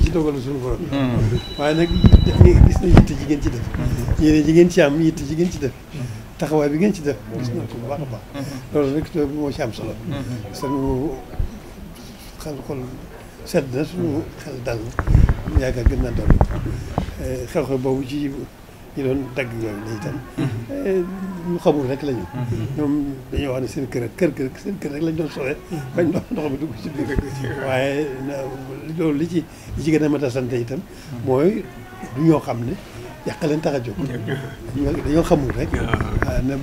ci dogalu suñu borom waaye nag gis na yitte ji ngeen ci def yéene ji ngeen ci am yitte ji ngeen ci def taxawaay bi ngeen ci def gis na ko bu baax a baax loolu rek moo ci am solo suñu xel xol sedd na suñu xel dal na yaakaar gën naa dolli eh, xew-xew boobu ci ñi doon dagg yooyu la itam eh, ñu xamul rek la yoo xam ne seen kër kër kër seen kër rek lañ doon soxee bañ ndox ndox bi dugg ci biir waaye loolu li ci li ci gën a mat a sant itam mooy du ñoo xam ne yàq leen tax a jóg dañoo xamul rek ne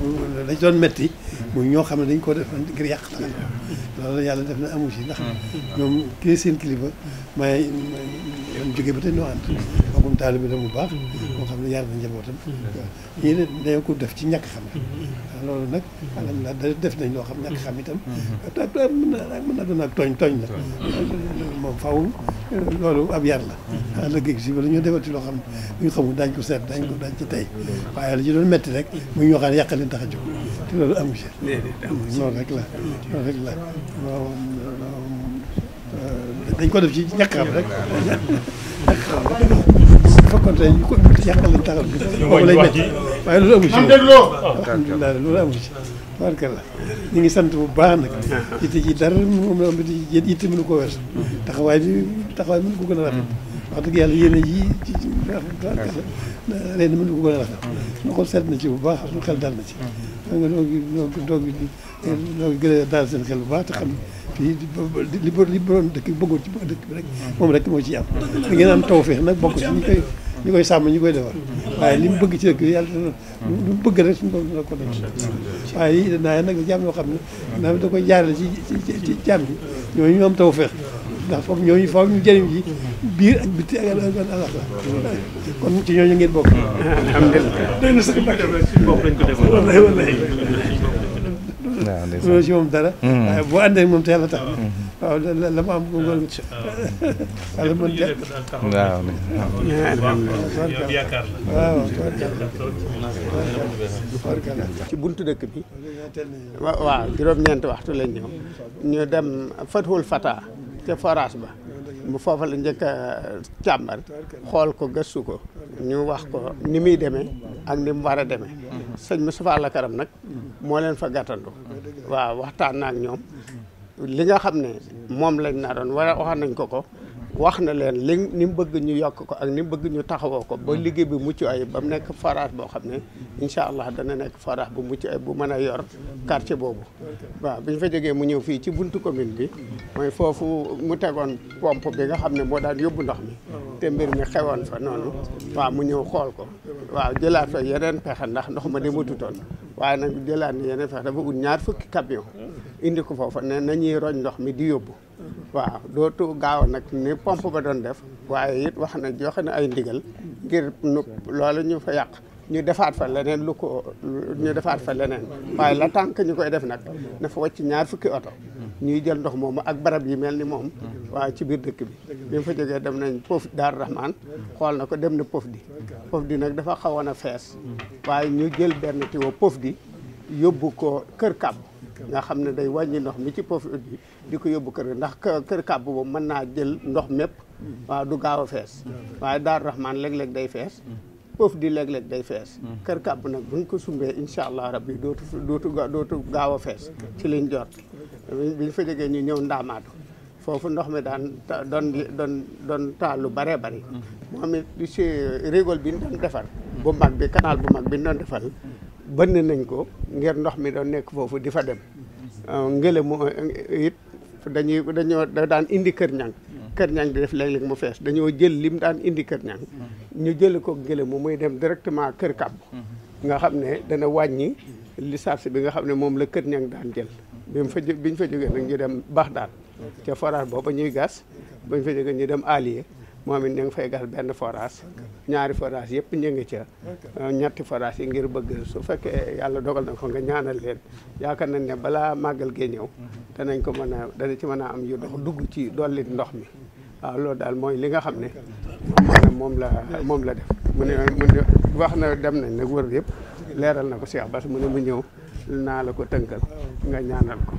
dañ doon metti muy ñoo xam ne dañ koo def ngir yàq tax a jóg yàlla def na amu ci ndax ñoom kii seen kilifa may yoon jógee ba tey noo ànd bokkum taalibe la mu baax yar na njabootam. yéen it dañoo ko ci ñàkk xam. loolu nag. da def nañ loo xam ñàkk xam itam. tam mën naa mën naa doon tooñ tooñ la. moom faaw loolu ab yar la. Ah, liggéey si wala ci loo xam ne ñu xamul daañu ko seet dañ ko dañ ci tey waaye li ci doon metti rek mu ñu waxaan yàq leen tax a jóg te loolu amu ci. noonu rek la noonu rek la euh, dañ ko def ci ñàkk xam rek. fekkoon tey ñu ko yàqal lañ taxaw bi boobu lay métti waaye loolu amu ci ah, ah, alhamdulilah loolu amu ci tabarkalla ñu ngi sant bu baax nag ah. itte ji dara moom la di itte mënu ko wees taxawaay bi taxawaay mënu ko gën a rafet hmm. wax dëgg yàlla yéen a ji ci tabarkalla hmm. leen mënu ko gën a rafet na ko seet na ci bu baax suñu xel dal na ci da hmm. nga doogi doogi doogi gën a daal seen xel bu baax te xam fii li li borom dëkk bëggoon ci dëkk bi rek moom rek moo ci am da am taw feex nag bokk ci ñu koy ñi koy sàmm ñi koy defar waaye li mu bëgg ci dëkk bi yàlla lu mu bëgg rek suñu borom dina ko def waaye yi danaa nag jàmm yoo xam ne naa da koy jaarale ci ci jàmm bi ñooñu ñu am taw feex ndax foofu ñooñu faaw ñu jëriñ ji biir ak bitti ak alax la kon ci ñooñu ngeen bokk alhamdulilah na sax mbàkke bopp ko def waaw si moom dara. Hmm. waaye boo àndee moom te waaw la la am. Ah. waaw yàlla mën te waaw waxtu lañ ñu dem Fathul Fata ca forage ba. bu foofa la njëkk a càmbar xool ko gëstu ko ñu wax ko ni muy demee ak ni war a demee hmm. sëñ Moustapha Lakaram nag moo leen fa gàttandu waaw waxtaan na ak ñoom li nga xam ne moom lañ naroon wala waxoon nañ ko ko wax na leen li ni mu bëgg ñu yokk ko ak ni mu bëgg ñu taxawoo ko ba liggéey bi mucc ay ba mu nekk forage boo xam ne incha allah dana nekk forage bu mucc ayib bu mën a yor quartier boobu waaw bi ñu fa jegee mu ñëw fii ci buntu commune bi mooy foofu mu tegoon pompe bi nga xam ne moo daan yóbbu ndox mi te mbir mi xewoon fa noonu waaw mu ñëw xool ko waaw jëlaat fa yeneen pexe ndax ndox ma dematutoon waaye nag jëlaat ni yeneen fex dafa ut ñaar fukki camion indi ko foofa ne nañuy roñ ndox mi di yóbbu waaw dootu gaaw nag ni pompe ba doon def waaye it wax na joxe na ay ndigal ngir nu loolu ñu fa yàq ñu defaat fa leneen lu ko defaat fa leneen waaye la tànk ñu koy def nag dafa wàcc ñaar fukki oto ñuy jël ndox moomu ak barab yi mel ni moom waaye ci biir dëkk bi bi mu fa jógee dem nañ Pof Daar Rahman xool na ko dem na Pof di Pof di nag dafa xawoon a fees waaye ñu jël benn tiwo Pof di yóbbu ko kër kàbb nga xam ne day wàññi ndox mi ci Pof di di ko yóbbu kër ndax kër kàbb boobu mën naa jël ndox mépp waaw du gaaw a fees waaye Daar Rahman léeg-léeg day fees foofu di léeg-léeg day fees hmm. kër kàbb nag bu buñ ko sumbee incha allah rabbi dootu dootu dootu gaaw a fees ci liñ jot ñu fa jógee ñu ñëw ndaamaatu foofu ndox mi daan doon doon doon taal lu bëree bëri hmm. moom it ci rigole bi ñu doon defar bu mag bi canal bu mag bi ñu doon defal bënn nañ ko ngir ndox mi doon nekk foofu di fa dem hmm. euh, ngele mu it dañuy dañoo daan indi kër ñang kër ñang bi def léeg-léeg mu fees dañoo jël lim daan indi kër ñang ñu jël ko ngële mu muy dem directement kër kàbb nga xam ne danga wàññi licence bi nga xam ne moom la kër ñang daan jël bi mu fa ñu fa jógee nag ñu dem baax daal ca forage booba ñuy gas bañ fa jógee ñu dem allier moom it ñu ngi fay gas benn forage ñaari forage yëpp ñu ngi ca ñetti forage yi ngir bëgg su fekkee yàlla dogal na ko nga ñaanal leen yaakaar nañ ne balaa màggal gee ñëw danañ ko mën a dana ci mën a am yu dox dugg ci dolli ndox mi waaw loolu daal mooy li nga xam ne moom la moom la def mu ne mu ne wax na dem nañ nag wër yëpp leeral na ko Cheikh Bass mu ne mu ñëw naa la ko tënkal nga ñaanal ko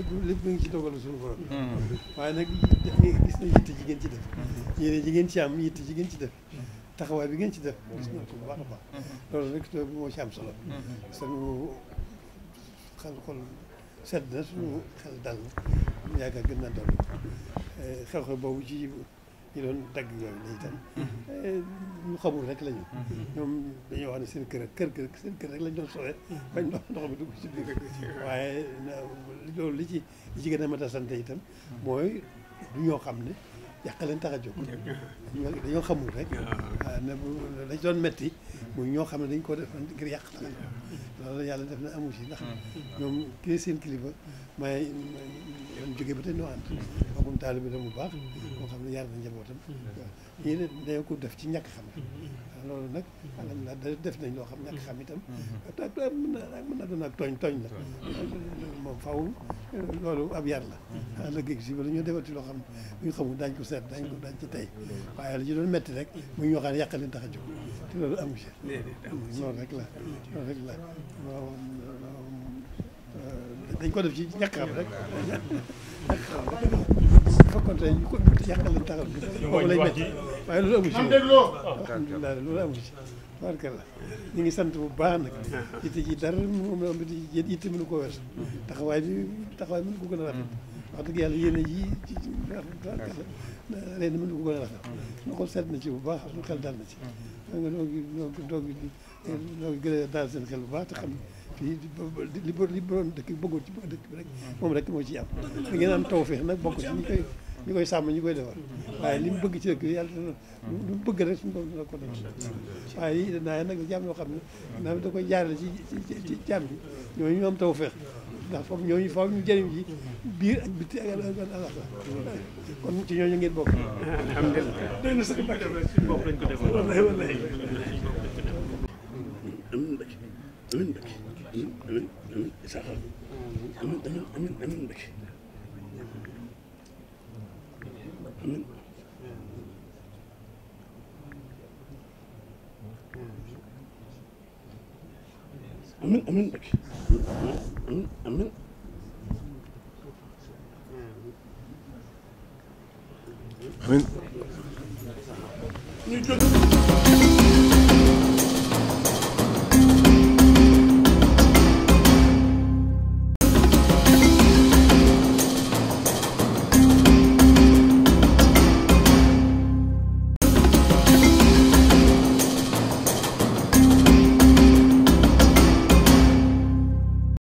lépp lépp mu ngi ci dogalu suñu borom. Hmm. waaye nag gis na yitte ji ci def. yi ji ngeen ci am yitte ji ngeen ci def. taxawaay bi ngeen ci def. Hmm. gis na ko bu baax a baax. Hmm. loolu rek moo ci am solo. suñu xel xol sedd na suñu xel dal na yaakaar gën naa dolli eh, xew-xew boobu ñu doon dagg yooyu la itam ñu xamul rek la ñu ñoom dañoo wax ne seen kër kër kër seen kër rek lañ doon soxee bañ ndox mi dugg ci biir waaye loolu li ci li ci gën a mat a sant itam mooy du ñoo xam ne yàq leen tax a jóg dañoo xamul rek ne bu dañ doon metti muy ñoo xam ne dañ ko def ngir yàq tax a loolu yàlla def na amu si ndax ñoom kii seen kilifa may yoon jóge ba tey noo ànd taalibe la mu baax. koo xam ne yar na njabootam. yii la ko def ci ñàkk xam ne loolu nag alhamdulilah da def nañ loo xam ñàkk xam itam mën na mën tooñ tooñ ab yar la lëggéeg si ba la ñoo defati loo xam ne bu ñu xamul seet daañ ko daañ ci tey waaye la ci doon metti rek mu ñoo xam ne yàq tax a jóg loolu amu ci loolu rek la loolu dañ ko def ci ñàkk xam rek ñàkk xam rek fekkoon tey ñu ko yàqal lañ taxaw boobu lay métti waaye loolu amu ci alhamdulilah loolu amu ci ngi sant bu baax nag itte ji dara moom am di itte mënu ko wees taxawaay bi taxawaay mënu ko gën a rafet wax dëgg yàlla yéene ji ci tabarkalla leen mënu ko a rafet na ko seet na ci bu baax suñu xel dal na ci da nga noo ngi noo ngi noo seen xel bu baax te xam fii li li borom dëkk bëggoon ci dëkk bi rek mm. moom rek moo ci am da ngeen am taw feex nag bokk ci ñi koy ñi koy sàmm ñi koy defar waaye li mu bëgg ci dëkk bi yàlla lu mu bëgg rek suñu borom dina ko def waaye yi naa nag jaam yoo xam ne naa da koy jaarale ci ci jaam bi ñooñu ñu am taw feex ndax foog ñooñu faw ñu jëriñ ji biir ak biti ak àlax kon ci ñooñu ngeen bokk alhamdulilah doy na sax mbàkke suñu bopp lañ ko defal wallahi wallahi saxal amin amin amin amin Mbacke amin amin amin Mbacke amin amin amin